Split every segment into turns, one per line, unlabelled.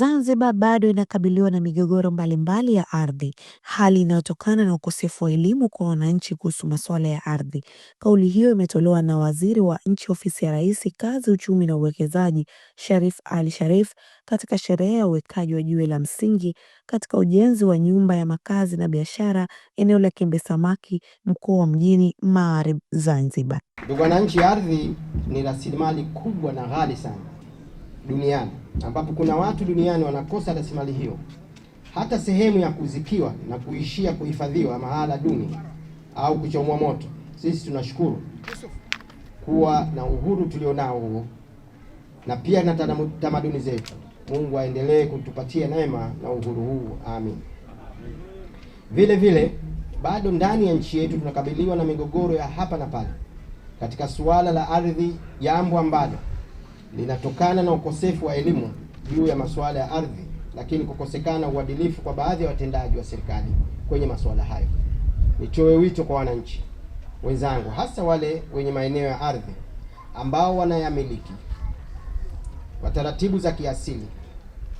Zanzibar bado inakabiliwa na migogoro mbalimbali ya ardhi, hali inayotokana na ukosefu wa elimu kwa wananchi kuhusu masuala ya ardhi. Kauli hiyo imetolewa na Waziri wa Nchi Ofisi ya Rais, Kazi, Uchumi na Uwekezaji, Sharif Ali Sharif katika sherehe ya uwekaji wa jiwe la msingi katika ujenzi wa nyumba ya makazi na biashara eneo la Kiembe Samaki, mkoa wa Mjini Magharibi, Zanzibar.
Ndugu wananchi, ardhi ni rasilimali kubwa na ghali sana duniani ambapo kuna watu duniani wanakosa rasilimali hiyo, hata sehemu ya kuzikiwa na kuishia kuhifadhiwa mahala duni au kuchomwa moto. Sisi tunashukuru kuwa na uhuru tulionao huo na pia na tamaduni zetu. Mungu aendelee kutupatia neema na uhuru huu, amin. Vile vile bado ndani ya nchi yetu tunakabiliwa na migogoro ya hapa na pale katika suala la ardhi, jambo ambalo linatokana na ukosefu wa elimu juu ya masuala ya ardhi, lakini kukosekana uadilifu kwa baadhi ya watendaji wa serikali kwenye masuala hayo. Nitoe wito kwa wananchi wenzangu, hasa wale wenye maeneo ya ardhi ambao wanayamiliki kwa taratibu za kiasili,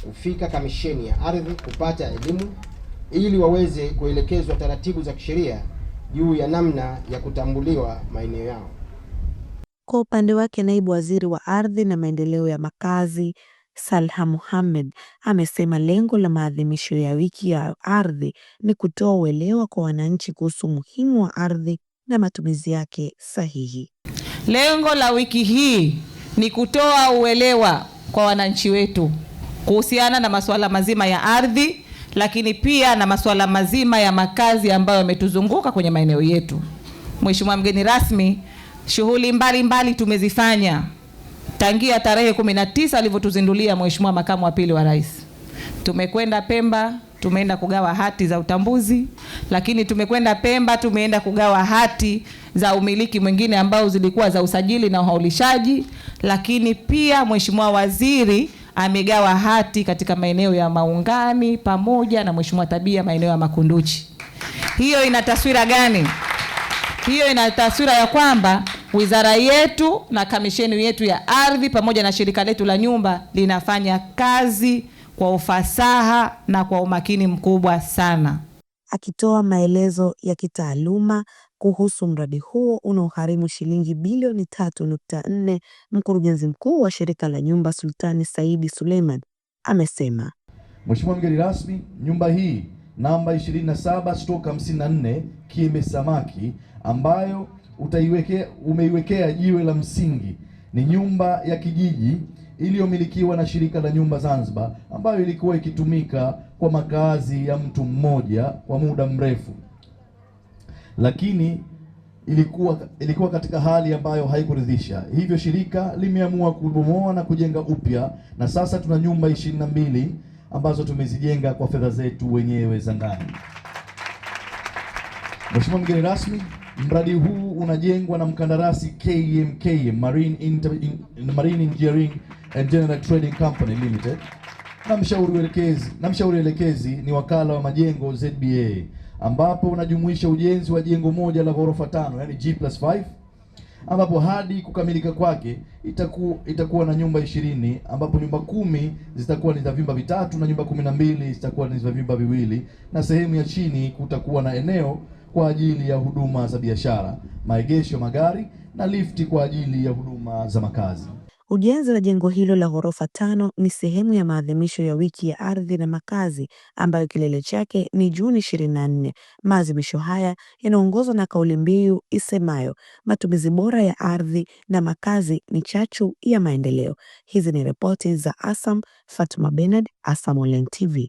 kufika kamisheni ya ardhi kupata elimu ili waweze kuelekezwa taratibu za kisheria juu ya namna ya kutambuliwa maeneo yao.
Kwa upande wake naibu waziri wa ardhi na maendeleo ya makazi Salha Muhammed amesema lengo la maadhimisho ya wiki ya ardhi ni kutoa uelewa kwa wananchi kuhusu umuhimu wa ardhi na matumizi yake sahihi.
Lengo la wiki hii ni kutoa uelewa kwa wananchi wetu kuhusiana na masuala mazima ya ardhi, lakini pia na masuala mazima ya makazi ambayo yametuzunguka kwenye maeneo yetu. Mheshimiwa mgeni rasmi shughuli mbalimbali tumezifanya tangia tarehe 19 alivyotuzindulia Mheshimiwa makamu wa pili wa rais. Tumekwenda Pemba, tumeenda kugawa hati za utambuzi, lakini tumekwenda Pemba, tumeenda kugawa hati za umiliki mwingine ambao zilikuwa za usajili na uhaulishaji, lakini pia Mheshimiwa waziri amegawa hati katika maeneo ya Maungani pamoja na Mheshimiwa Tabia maeneo ya Makunduchi. Hiyo ina taswira gani? Hiyo ina taswira ya kwamba wizara yetu na kamisheni yetu ya ardhi pamoja na shirika letu la nyumba linafanya kazi kwa ufasaha na kwa umakini mkubwa sana.
Akitoa maelezo ya kitaaluma kuhusu mradi huo unaogharimu shilingi bilioni 34 mkurugenzi mkuu wa shirika la nyumba Sultani Saidi Suleiman amesema,
Mheshimiwa mgeni rasmi, nyumba hii namba 27 stoka 54 Kime Samaki ambayo utaiwekea umeiwekea jiwe la msingi ni nyumba ya kijiji iliyomilikiwa na shirika la nyumba Zanzibar ambayo ilikuwa ikitumika kwa makazi ya mtu mmoja kwa muda mrefu, lakini ilikuwa ilikuwa katika hali ambayo haikuridhisha. Hivyo shirika limeamua kubomoa na kujenga upya, na sasa tuna nyumba ishirini na mbili ambazo tumezijenga kwa fedha zetu wenyewe za ndani. Mheshimiwa mgeni rasmi Mradi huu unajengwa na mkandarasi KMK Marine, Inter, in, Marine Engineering and General Trading Company Limited na mshauri elekezi, na mshauri elekezi ni wakala wa majengo ZBA, ambapo unajumuisha ujenzi wa jengo moja la ghorofa tano, yani G+5 ambapo hadi kukamilika kwake itaku, itakuwa na nyumba ishirini ambapo nyumba kumi zitakuwa ni za vyumba vitatu na nyumba kumi na mbili zitakuwa ni za vyumba viwili na sehemu ya chini kutakuwa na eneo kwa ajili ya huduma za biashara, maegesho magari na lifti kwa ajili ya huduma za makazi.
Ujenzi wa jengo hilo la ghorofa tano ni sehemu ya maadhimisho ya wiki ya ardhi na makazi ambayo kilele chake ni Juni ishirini na nne. Maadhimisho haya yanaongozwa na kauli mbiu isemayo matumizi bora ya ardhi na makazi ni chachu ya maendeleo. Hizi ni ripoti za ASAM. Fatuma Bernard, ASAM Online TV.